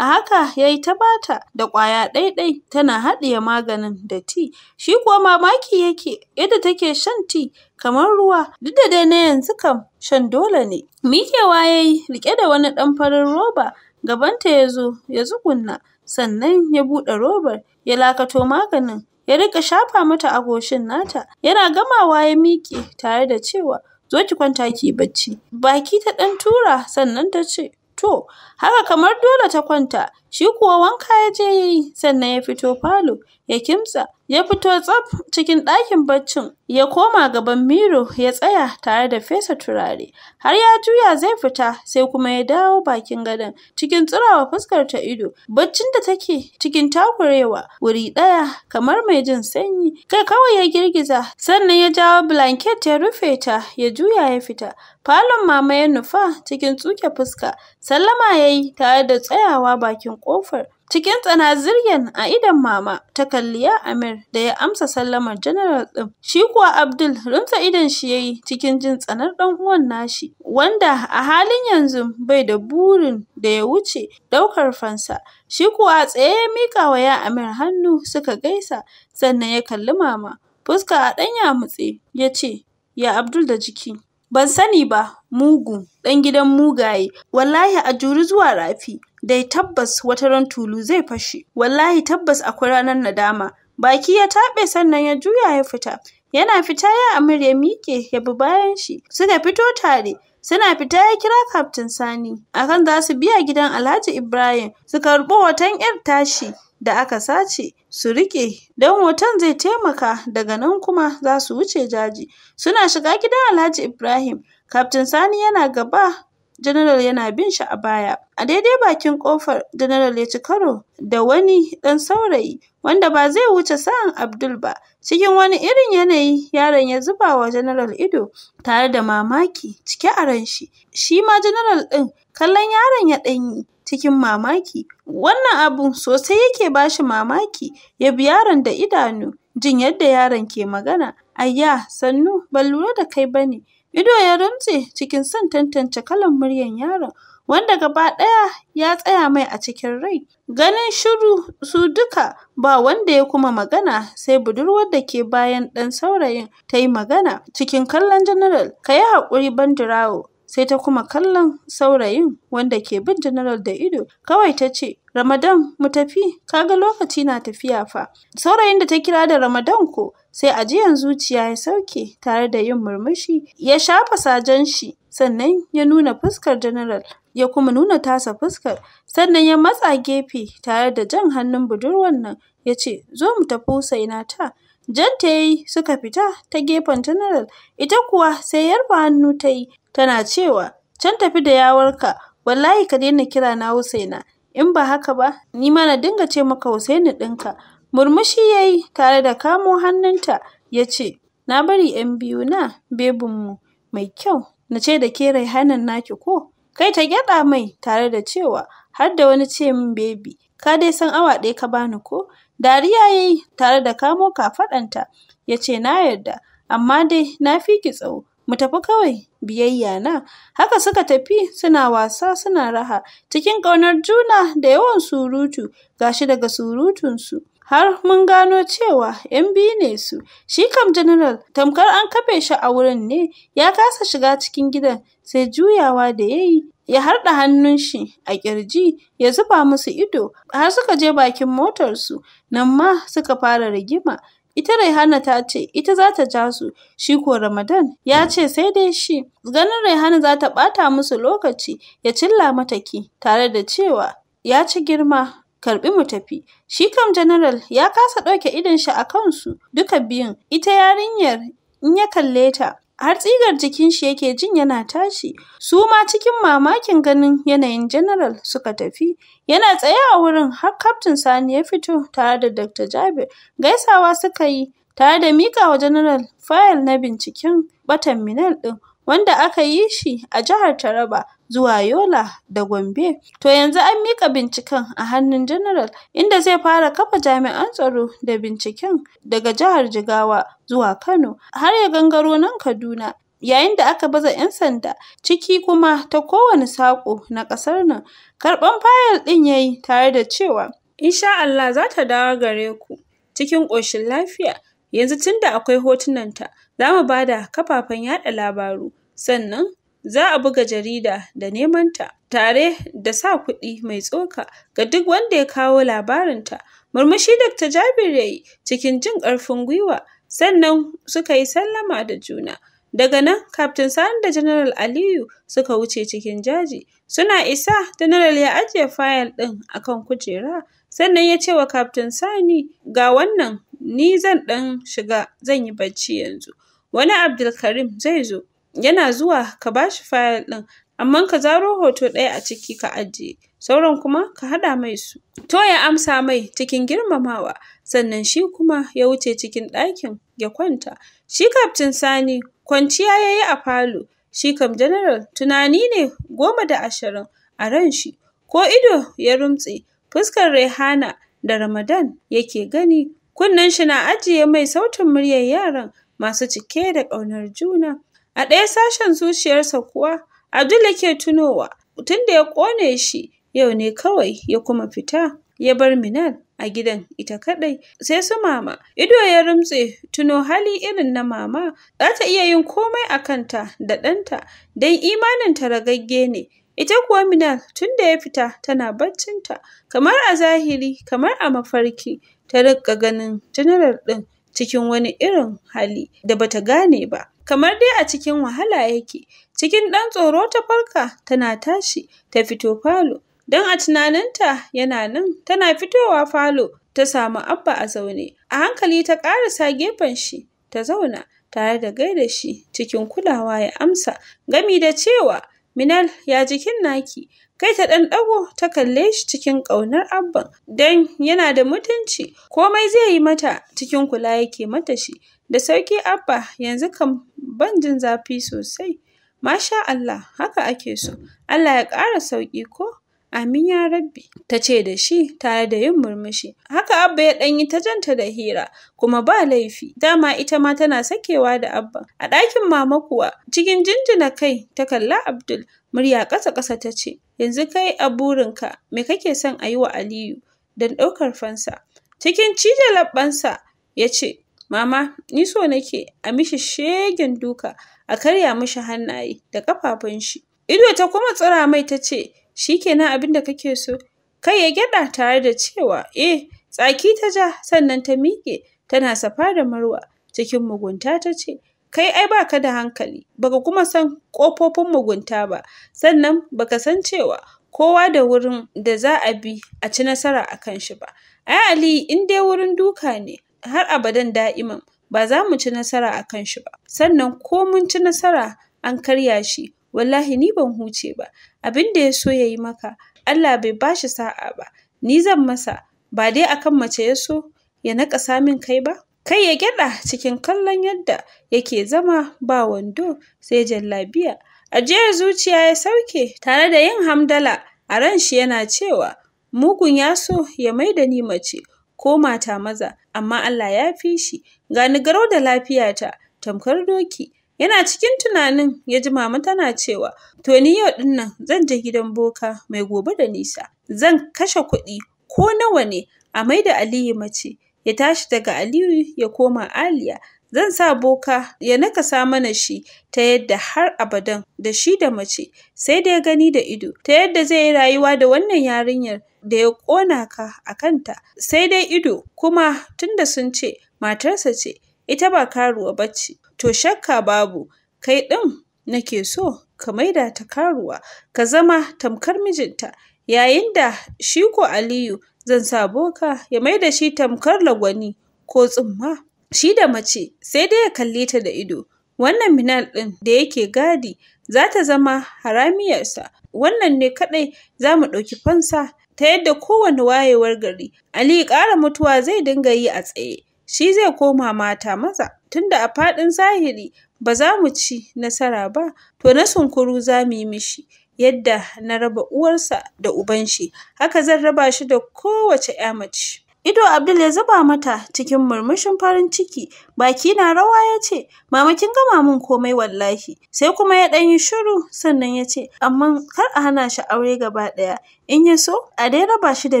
A haka 'yayi ta bata da ƙwaya ɗai tana haɗiye maganin da tea, shi kuwa mamaki yake yadda take shan tea kamar ruwa duk da dai na yanzu kam shan dole ne. Miƙewa yayi yi riƙe da wani ɗan farin roba gabanta ya zo ya tsugunna sannan ya buɗe robar ya lakato maganin ya riƙa shafa mata a nata yana gamawa ya miƙe tare da cewa zo ki kwanta ki bacci. Baki ta ɗan tura sannan tace To, haka kamar dole ta kwanta, Shi kuwa wanka ya je ya yi sannan ya fito falo ya kimtsa ya fito tsaf cikin ɗakin baccin ya koma gaban miro ya tsaya tare da fesa turare har ya juya zai fita sai kuma ya dawo bakin gadon cikin tsirawa fuskar ta ido baccin da take cikin takurewa wuri ɗaya kamar mai jin sanyi kai kawai ya girgiza sannan ya jawo blanket ya rufe ta ya juya ya fita falon mama ya nufa cikin tsuke fuska sallama ya yi tare da tsayawa bakin Kofar Cikin tsanaziryan a idon mama ta kalli ya Amir da ya amsa sallamar janaral ɗin. Shi kuwa Abdul runta idon shi ya yi cikin jin tsanar ɗan uwan nashi wanda a halin yanzu bai da burin da ya wuce ɗaukar fansa. Shi kuwa tsaye ya miƙa wa ya Amir hannu suka gaisa sannan ya kalli mama fuska a ɗan yamutse ya ce ya Abdul da jiki. Ban sani ba mugu ɗan gidan mugaye wallahi a juri zuwa rafi dai tabbas wata ran tulu zai fashe wallahi tabbas akwai ranar nadama baki ya taɓe sannan ya juya ya fita yana fita ya amir ya miƙe ya bi bayan shi suka fito tare suna fita ya kira kaftin sani akan za su biya gidan alhaji ibrahim su karɓi hoton yar tashi da aka sace su riƙe don hoton zai taimaka daga nan kuma za su wuce jaji suna shiga gidan alhaji ibrahim kaftin sani yana gaba General yana bin shi a baya. A daidai bakin kofar, General ya ci karo da wani dan saurayi wanda ba zai wuce sa'an Abdul ba. Cikin wani irin yanayi, yaron ya zuba wa General ido tare da mamaki cike a ran shi. Shi ma General ɗin kallon yaron ya ɗan yi cikin mamaki. Wannan abu sosai yake ba shi mamaki, ya bi yaron da idanu, jin yadda yaron ke magana. Ayya, sannu, ban lura da kai ba ne. Ido ya rumtse cikin son tantance kalan muryan yaron, wanda gaba ɗaya ya tsaya mai a cikin rai. Ganin shiru su duka ba wanda ya kuma magana sai budurwar da ke bayan ɗan saurayin ta yi magana cikin kallon General, ka yi haƙuri bandirawo. Sai ta kuma kallon saurayin wanda ke bin General da ido, kawai ta ce, Ramadan mu tafi, kaga lokaci na tafiya fa. Saurayin da ta kira da Ramadan ko sai ajiyan zuciya ya sauke tare da yin murmushi ya shafa sajen shi sannan ya nuna fuskar general ya kuma nuna tasa fuskar sannan ya matsa gefe tare da jan hannun budurwar nan ya ce zo mu tafi Husaina ta jan ta yi suka fita ta gefen general ita kuwa sai yarfa hannu ta yi tana cewa can tafi da yawarka wallahi ka daina kira na Hussaina, in ba haka ba ni ma na dinga ce maka Hussaini ɗinka Murmushi ya yi tare da kamo hannunta ya ce, Na bari ‘yan biyu na, bebin mu. mai kyau, na ce da ke Raihanan naki ko? Kai ta gyada mai tare da cewa, har da wani ce min bebi, ka dai san awa ɗaya ka bani ko? Dariya ya yi tare da kamo kafaɗanta ya ce, Na yarda, amma dai na fi ki tsawo, mu tafi kawai biyayya na. Haka suka tafi suna wasa suna raha, cikin ƙaunar juna da yawan surutu, gashi daga surutunsu. har mun gano cewa ‘yan biyu ne su, shi kam General tamkar an kafe shi a wurin ne, ya kasa shiga cikin gidan sai juyawa da ya yi ya harɗa hannun shi a kirji ya zuba musu ido har suka je bakin motarsu nan ma suka fara rigima. Ita Raihana ta ce ita za ta ja su, shi ko Ramadan ya ce sai dai shi. Ganin Raihana za ta ɓata musu lokaci ya cilla mata ki tare da cewa ya ci girma karbi mu tafi shi kam general ya kasa ɗauke idon shi a kansu duka biyun ita yarinyar in ya kalle ta har tsigar jikin shi yake jin yana tashi su ma cikin mamakin ganin yanayin general suka tafi yana tsaye a wurin har captain sani ya fito tare da dr jabir gaisawa suka yi tare da mika wa general fayil na binciken batan minal ɗin wanda aka yi shi a jihar Taraba zuwa Yola da Gombe. To yanzu an mika binciken a hannun General inda zai fara kafa jami'an tsaro da binciken daga jihar Jigawa zuwa Kano har ya gangaro nan Kaduna. Yayin da aka baza 'yan sanda ciki kuma ta kowane saƙo na ƙasar nan, karɓan fayil ɗin yayi tare da cewa, insha Allah za ta dawo gare ku cikin ƙoshin lafiya. Yanzu tunda akwai hotunanta, za mu bada kafafen yaɗa labaru sannan za a buga jarida da nemanta tare da sa kuɗi mai tsoka ga duk wanda ya kawo labarinta. Murmushi Dr. Jabir ya yi cikin jin ƙarfin gwiwa, sannan suka yi sallama da juna. Daga nan, Kaftin Sani da General Aliyu suka wuce cikin jaji. Suna isa, General ya ajiye fayil ɗin akan kujera, sannan ya ce wa Kaftin Sani, ga wannan, ni zan ɗan shiga, zan yi bacci yanzu. Wani Abdulkarim zai zo. Yana zuwa ka bashi file ɗin amma ka zaro hoto ɗaya a ciki ka ajiye sauran kuma ka haɗa mai su. To ya amsa mai cikin girmamawa sannan shi kuma ya wuce cikin ɗakin ya kwanta. Shi Kaftin Sani kwanciya ya yi a falo shi kam General tunani ne goma da ashirin a ran shi ko ido ya rumtse fuskar Rehana da Ramadan yake gani kunnen shi na ajiye mai sautin muryar yaran masu cike da ƙaunar juna. A ɗaya sashen zuciyarsa kuwa, Abdul yake tunowa tun da ya ƙone shi yau ne kawai ya kuma fita ya bar Minal a gidan ita kaɗai sai su mama ido ya rumtse tuno hali irin na mama za ta iya yin komai a kanta da ɗanta don imanin ta ragagge ne ita kuwa Minal tun da ya fita tana baccinta kamar a zahiri kamar a mafarki ta rika ganin janaral ɗin cikin wani irin hali da bata gane ba kamar dai a cikin wahala yake cikin ɗan tsoro ta farka tana tashi ta fito falo don a tunaninta yana nan tana fitowa falo ta samu abba a zaune a hankali ta ƙarasa gefen shi ta zauna tare da gaida shi cikin kulawa ya amsa gami da cewa Minal ya jikin naki kai ta ɗan ɗago ta kalle shi cikin ƙaunar abban don yana da mutunci komai zai yi mata cikin kula yake mata shi Da sauki Abba, yanzu kam ban jin zafi sosai. Masha Allah, haka ake so. Allah ya ƙara sauƙi, ko? Amin ya rabbi, ta ce da shi tare da yin murmushi. Haka Abba ya ɗanyi ta janta da hira, kuma ba laifi. Dama ita ma tana sakewa da Abba. A ɗakin mama kuwa, cikin jinjina kai ta kalla Abdul, murya ƙasa-ƙasa ta ce, yanzu kai a burinka, me kake son a yi wa Aliyu don ɗaukar fansa? Cikin cije labbansa ya ce, Mama, ni so nake a mishi shegen duka, a karya mishi hannaye da ƙafafun shi. Ido ta kuma tsira mai ta ce, shi kenan abin da kake so. Kai ya gyaɗa tare da cewa, eh, tsaki ta ja sannan ta miƙe, tana safa da marwa. Cikin mugunta ta ce, kai ai baka da hankali, baka kuma san ƙofofin mugunta ba, sannan baka san cewa kowa da wurin da za a bi a ci nasara a kan shi ba. Ai Ali in dai wurin duka ne, har abadan da'iman ba za mu ci nasara a kan shi ba sannan ko mun ci nasara an karya shi wallahi ni ban huce ba abin da ya so ya yi maka Allah bai ba shi sa'a ba ni zan masa ba dai akan mace ya so ya naƙa min kai ba kai ya gyaɗa cikin kallon yadda yake zama ba wando sai jallabiya ajiyar zuciya ya sauke tare da yin hamdala a ran shi yana cewa mugun ya so ya maida ni mace ko mata maza, amma Allah ya fi shi, gani garau da lafiyata, tamkar doki. Yana cikin tunanin ya ji mama tana cewa, to ni yau ɗin nan zan je gidan boka mai gobe da nisa, zan kashe kuɗi ko nawa ne a mai da Aliyu mace, ya tashi daga Aliyu ya koma Aliya. Zan sa boka ya nakasa mana shi ta yadda har abadan da shi da mace sai dai gani da ido ta yadda zai yi rayuwa da wannan yarinyar da ya ƙona ka a kanta sai dai ido kuma tunda sun ce matarsa ce ita ba karuwa bacci to shakka babu kai ɗin nake so ka maida ta karuwa ka zama tamkar mijinta yayin da shi ko Aliyu zan sa boka ya maida shi tamkar lagwani ko tsumma shi da mace sai dai ya kalli ta da ido wannan Minal ɗin da yake gadi za ta zama haramiyarsa wannan ne kaɗai za mu ɗauki fansa ta yadda kowane wayewar gari Ali ƙara mutuwa zai dinga yi a tsaye shi zai koma mata maza tunda a faɗin zahiri ba za mu ci nasara ba to na sunkuru za mu yi mishi yadda na raba uwarsa da uban shi haka zan raba shi da kowace 'ya mace Ido Abdul ya zuba mata cikin murmushin farin ciki, baki na rawa ya ce, Mama kin gama min komai wallahi, sai kuma ya ɗan yi shiru sannan ya ce, Amma kar a hana shi aure gaba ɗaya, in ya so a dai raba shi da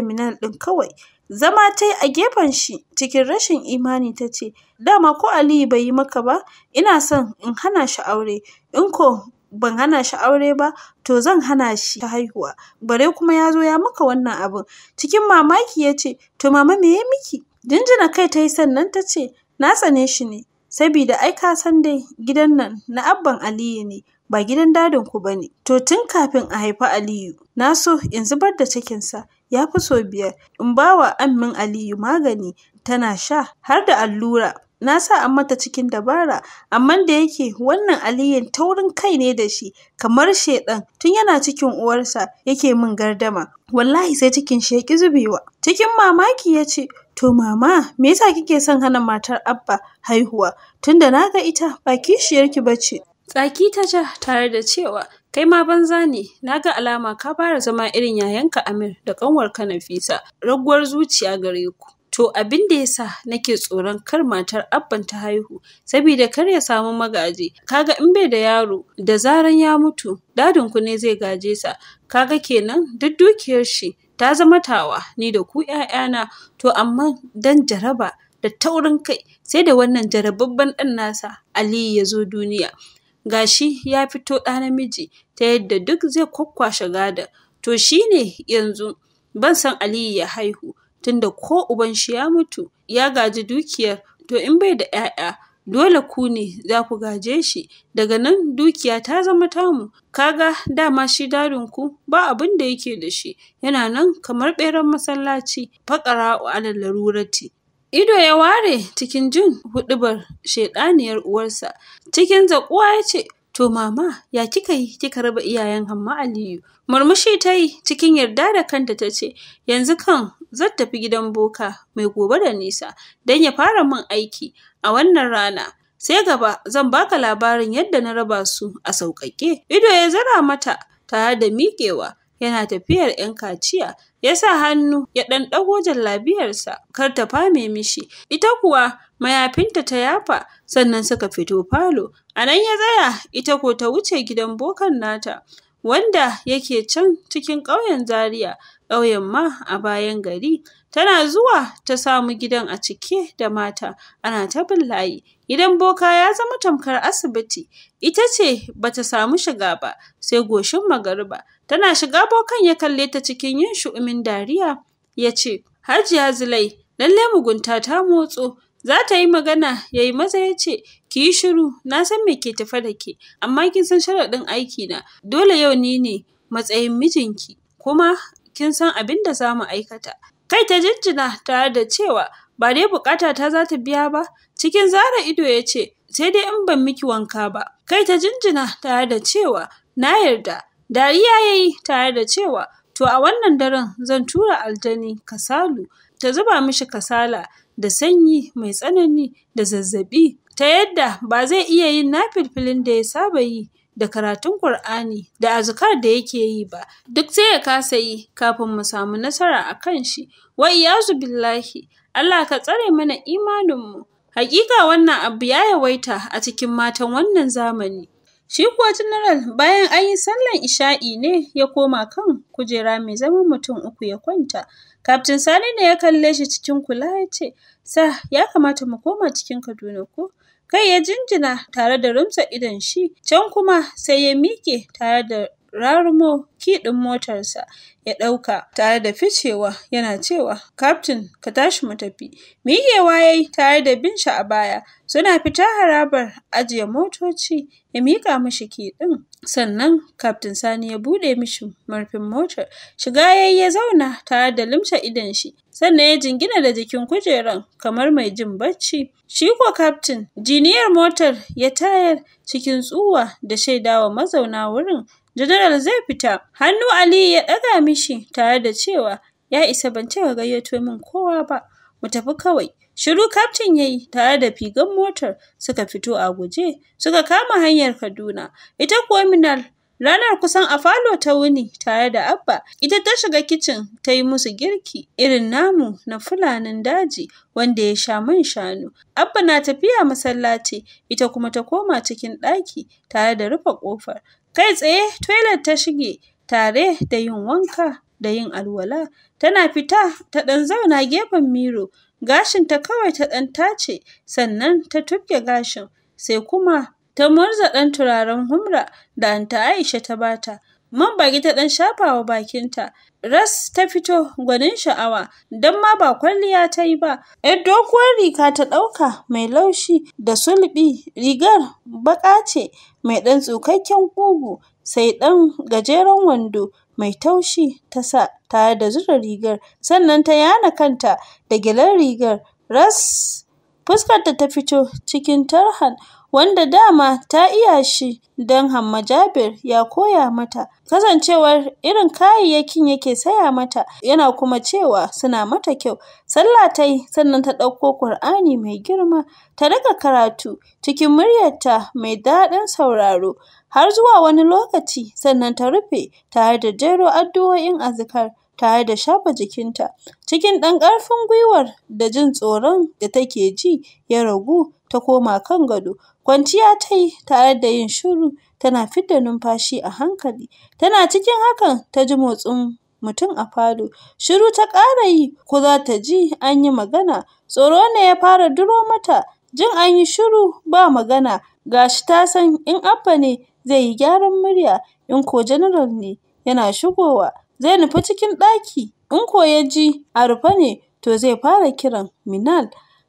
minal ɗin kawai. Zama ta a gefen shi cikin rashin imani ta ce, Dama ko Aliyu bai yi maka ba, ina son in hana shi aure, in ko ban hana shi aure ba to zan hana shi ta haihuwa bare kuma ya zo ya maka wannan abin cikin mamaki ya ce to mama me ya miki jinjina kai ta yi sannan ta ce na tsane shi ne sabida ai ka san dai gidan nan na abban aliyu ne ba gidan dadin ku bane to tun kafin a haifi aliyu na so in zubar da cikinsa ya fi so biyar in ba wa ammin aliyu magani tana sha har da allura na sa an mata cikin dabara amma da yake wannan aliyun taurin kai ne da shi kamar shedan tun yana cikin uwarsa yake min gardama wallahi sai cikin shi ya zubewa cikin mamaki ya ce to mama me yasa kike son hana matar abba haihuwa tunda na ga ita ba kishiyarki bace tsaki ta ja tare da cewa kai ma banza ne na ga alama ka fara zama irin yayanka amir da kanwarka nafisa raguwar zuciya gare ku To abin da yasa nake tsoron kar matar abban ta haihu saboda kar ya samu magaji. Kaga in bai da yaro da zaran ya mutu dadin ku ne zai gaje sa. Kaga kenan duk dukiyar shi ta zama tawa ni da ku ƴaƴana to amma dan jaraba da taurin kai sai da wannan jarababban ɗan nasa Aliyu ya zo duniya. Gashi ya fito ɗa namiji ta yadda duk zai kwakkwashe gada. To shine yanzu ban san Aliyu ya haihu tunda ko uban shi ya mutu ya gaji dukiyar to in bai da 'ya'ya dole ku ne za ku gaje shi daga nan dukiya ta zama tamu kaga dama shi dadin ku ba abin da yake da shi yana nan kamar beran masallaci fakara alal larurati ido ya ware cikin jin hudubar shedaniyar uwarsa cikin zakuwa ya ce to mama ya kika yi kika raba iyayen hamma aliyu murmushi ta yi cikin yarda da kanta ta ce yanzu kan zan tafi gidan boka mai gobe da nisa don ya fara min aiki a wannan rana. Sai gaba zan baka labarin yadda na raba su a sauƙaƙe. Ido ya zara mata tare da miƙewa yana tafiyar ‘yan kaciya ya sa hannu ya ɗan ɗago jallabiyarsa kar ta fame mishi ita kuwa mayafinta ta yafa sannan suka fito falo a nan ya tsaya ita ko ta wuce gidan bokan nata wanda yake can cikin ƙauyen Zaria ƙauyen ma a bayan gari. Tana zuwa ta samu gidan a cike da mata, ana ta bin layi. Gidan boka ya zama tamkar asibiti, ita ce bata samu shiga ba, sai goshin magariba. Tana shiga bokan ya kalle ta cikin yin shu'umin dariya, ya ce, Hajiya Zulai, lalle mugunta ta motso, za ta yi magana ya yi maza ya ce ki yi shiru na san me ke tafe da ke amma kin san sharaɗin aiki na dole yau ni ne matsayin mijinki kuma kin san abin da za mu aikata. Kai ta jinjina tare da cewa ba dai bukata ta za ta biya ba, cikin zara ido ya ce, sai dai in ban miki wanka ba. Kai ta jinjina tare da cewa na yarda, dariya ya yi tare da cewa to a wannan daren zan tura aljani kasalu ta zuba mishi kasala da sanyi mai tsanani da zazzabi ta yadda ba zai iya yin na filfilin da ya saba yi da karatun Kur'ani da azkar da yake yi ba duk sai ya kasa yi kafin mu samu nasara a kan shi wa iyazu billahi Allah ka tsare mana imanin mu hakika wannan abu ya yawaita a cikin matan wannan zamani Shi kuwa General bayan an yi sallan isha'i ne ya koma kan kujera mai zaman mutum uku ya kwanta. Kaftin Sani ne ya kalle shi cikin kula ya ce, Sa, ya kamata mu koma cikin Kaduna ko? Kai ya jinjina tare da rumtsa idon shi, can kuma sai ya miƙe tare da rarumo kidin motarsa ya dauka. tare da ficewa yana cewa, Kaftin, ka tashi mu tafi. Miƙewa ya waye tare da bin shi a baya, suna fita harabar ajiye motoci ya mika mishi kiɗin. Sannan Kaftin Sani ya bude mishi murfin motar, shiga yayi ya zauna tare da limshe idon shi, sannan ya jingina da jikin kujeran kamar mai jin bacci. Shi ko Kaftin, jiniyar motar ya tayar cikin tsuwa da shaidawa mazauna wurin Janaral zai fita. Hannu Aliyu ya ɗaga mishi tare da cewa ya isa ban ce gayyato min kowa ba. Mu tafi kawai. Shiru kaftin yayi tare da figan motar suka fito a guje suka kama hanyar Kaduna. Ita kuwa Minal ranar kusan a falo ta wuni tare da Abba ita ta shiga kicin ta yi musu girki irin namu na fulanin daji wanda ya sha man shanu. Abba na tafiya masallaci ita kuma ta koma cikin ɗaki tare da rufe ƙofar. kai tsaye toilet ta shige tare da yin wanka da yin alwala tana fita ta ɗan zauna gefen miro ta kawai ta ɗan tace sannan ta tufke gashin sai kuma ta murza ɗan turaren humra da Anta Aisha ta bata Mambari ta ɗan shafawa bakinta. Ras ta fito gwanin sha'awa, don ma ba kwalliya ta yi ba. ‘Yar doguwar riga ta ɗauka mai laushi da sulbi, rigar baƙa ce mai ɗan tsukakken ƙugu, sai ɗan gajeren wando mai taushi ta sa tare da zura rigar, sannan ta yana kanta da gilar rigar. Ras fuskarta ta fito cikin tarhan wanda dama ta iya shi don Hamma Jabir ya koya mata, kasancewar irin kayayyakin yake saya mata yana kuma cewa suna mata kyau. Sallah ta sannan ta ɗauko ƙur'ani mai girma ta riƙa karatu cikin muryarta mai daɗin sauraro har zuwa wani lokaci sannan ta rufe tare da jero addu'o'in azkar tare da shafa jikinta. Cikin ɗan ƙarfin gwiwar da jin tsoron da take ji ya ragu ta koma kan gado Kwanciya ta yi tare da yin shiru, tana fidda numfashi a hankali. Tana cikin hakan ta ji motsin mutum a falo. Shiru ta ƙara yi ko za ta ji an yi magana. Tsoro ne ya fara duro mata. Jin an yi shiru ba magana ga shi ta san in Abba ne zai yi gyaran murya, in ko Janaral ne yana shigowa zai nufi cikin ɗaki, in ko ya ji a rufe ne to zai fara kiran Minal.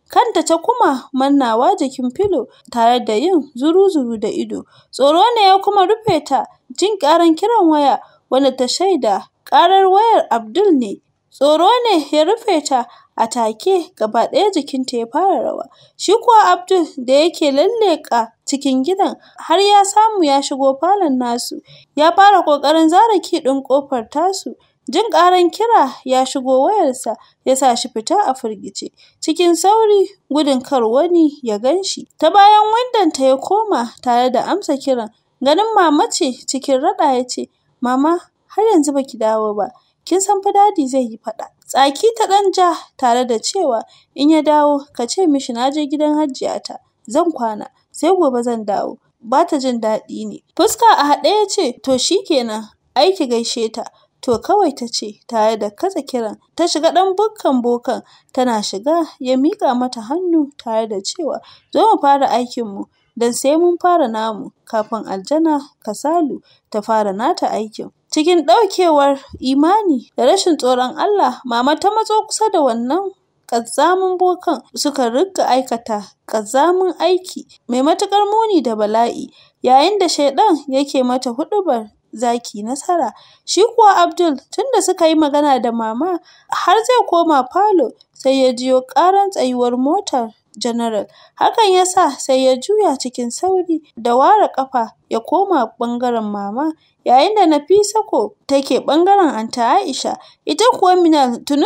kanta ta kuma mannawa jikin filo tare da yin zuru-zuru da ido tsoro ne ya kuma rufe ta jin karan kiran waya wanda ta shaida karar wayar Abdul ne tsoro ne ya rufe ta a take gaba ɗaya jikinta ya fara rawa shi kuwa Abdul da yake lalleka cikin gidan har ya samu ya shigo falon nasu ya fara kokarin zare kidin ƙofar kofar tasu Jin ƙaran kira ya shigo wayarsa ya sa shi fita a firgice, cikin sauri gudun kar wani ya ganshi. Ta bayan ta ya koma tare da amsa kiran. Ganin mama ce cikin raɗa ya ce, Mama, har yanzu baki dawo ba, kin san fa dadi zai yi faɗa. Tsaki ta ɗan ja tare da cewa, In ya dawo ka ce mishi na je gidan ta, zan kwana, sai gobe zan dawo. Ba ta jin daɗi ne. Fuska a haɗe ya ce, To shi kenan, ai ki gaishe ta. to kawai ta ce tare da katse kiran ta shiga ɗan bukkan bokan tana shiga ya mika mata hannu tare da cewa zo mu fara mu don sai mun fara namu kafin aljana kasalu ta fara nata aikin cikin ɗaukewar imani da rashin tsoron Allah mama ta matso kusa da wannan ƙazamin bokan suka rika aikata ƙazamin aiki mai matuƙar muni da bala'i yayin da shaiɗan yake mata huɗubar zaki nasara. Shi kuwa Abdul tunda suka yi magana da mama har zai koma falo sai ya jiyo ƙaran tsayuwar motar General. Hakan ya sa sai ya juya cikin sauri da ware ƙafa ya koma ɓangaren mama yayin da nafisa ko take bangaren Anta Aisha ita kuwa mina tuni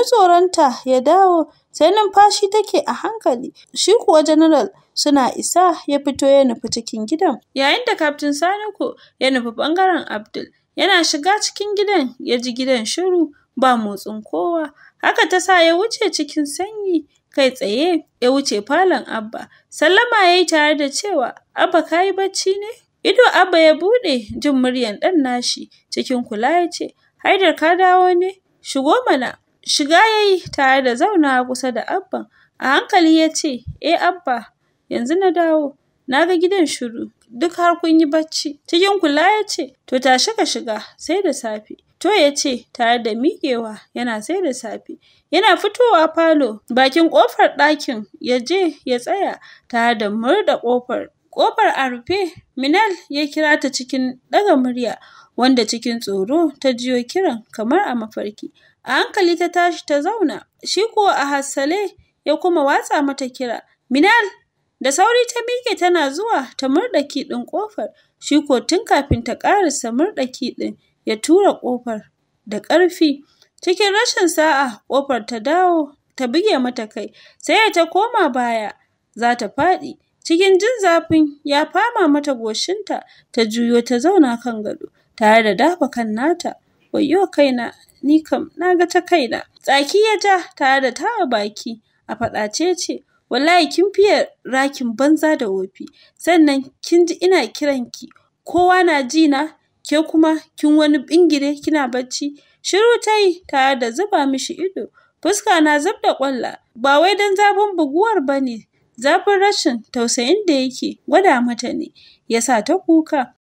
ta ya dawo sai numfashi take a hankali shi kuwa General suna isa ya fito ya nufi cikin gidan yayin da Captain Sanuko ya nufi bangaren Abdul yana shiga cikin gidan ya ji gidan shiru ba motsin kowa haka ta sa ya wuce cikin sanyi kai tsaye ya wuce falon Abba sallama yayi tare da cewa Abba kayi bacci ne Ido Abba ya bude jin muryan dan nashi cikin kula ya ce, Haidar ka dawo ne? Shigo mana. Shiga ya tare da zauna kusa da Abba. A hankali ya ce, Eh Abba, yanzu na dawo. Na ga gidan shiru. Duk har kun yi bacci. Cikin kula ya ce, To tashi ka shiga sai da safe. To ya ce tare da miƙewa yana sai da safe. Yana fitowa falo bakin ƙofar ɗakin ya je ya tsaya tare da murda kofar. Ƙofar a rufe, Minal ya kira ta cikin ɗaga murya, wanda cikin tsoro ta jiyo kiran kamar a mafarki. A hankali ta tashi ta zauna, shi kuwa a hassale ya kuma watsa mata kira. Minal! Da sauri ta mike tana zuwa ta murɗa kiɗin ƙofar, shi ko tun kafin ta ƙarasa murɗa kiɗin ya tura ƙofar da ƙarfi. Cikin rashin sa'a ƙofar ta dawo ta buge mata kai, sai ta koma baya za ta faɗi. Cikin jin zafin ya fama mata goshinta, ta juyo ta zauna kan gado tare da dafa kan nata. Wayyo kaina, ni kam na ga ta kaina. Tsaki ya ja tare da tawa baki a faɗace ce, wallahi kin fiye rakin banza da wofi. Sannan kin ji ina kiranki, kowa na ji na, ke kuma kin wani bingire kina bacci. Shiru ta yi tare da zuba mishi ido, fuska na zub da kwalla, ba wai don zafin buguwar ba ne. Zafin rashin tausayin da yake gwada mata ne ya sa ta kuka.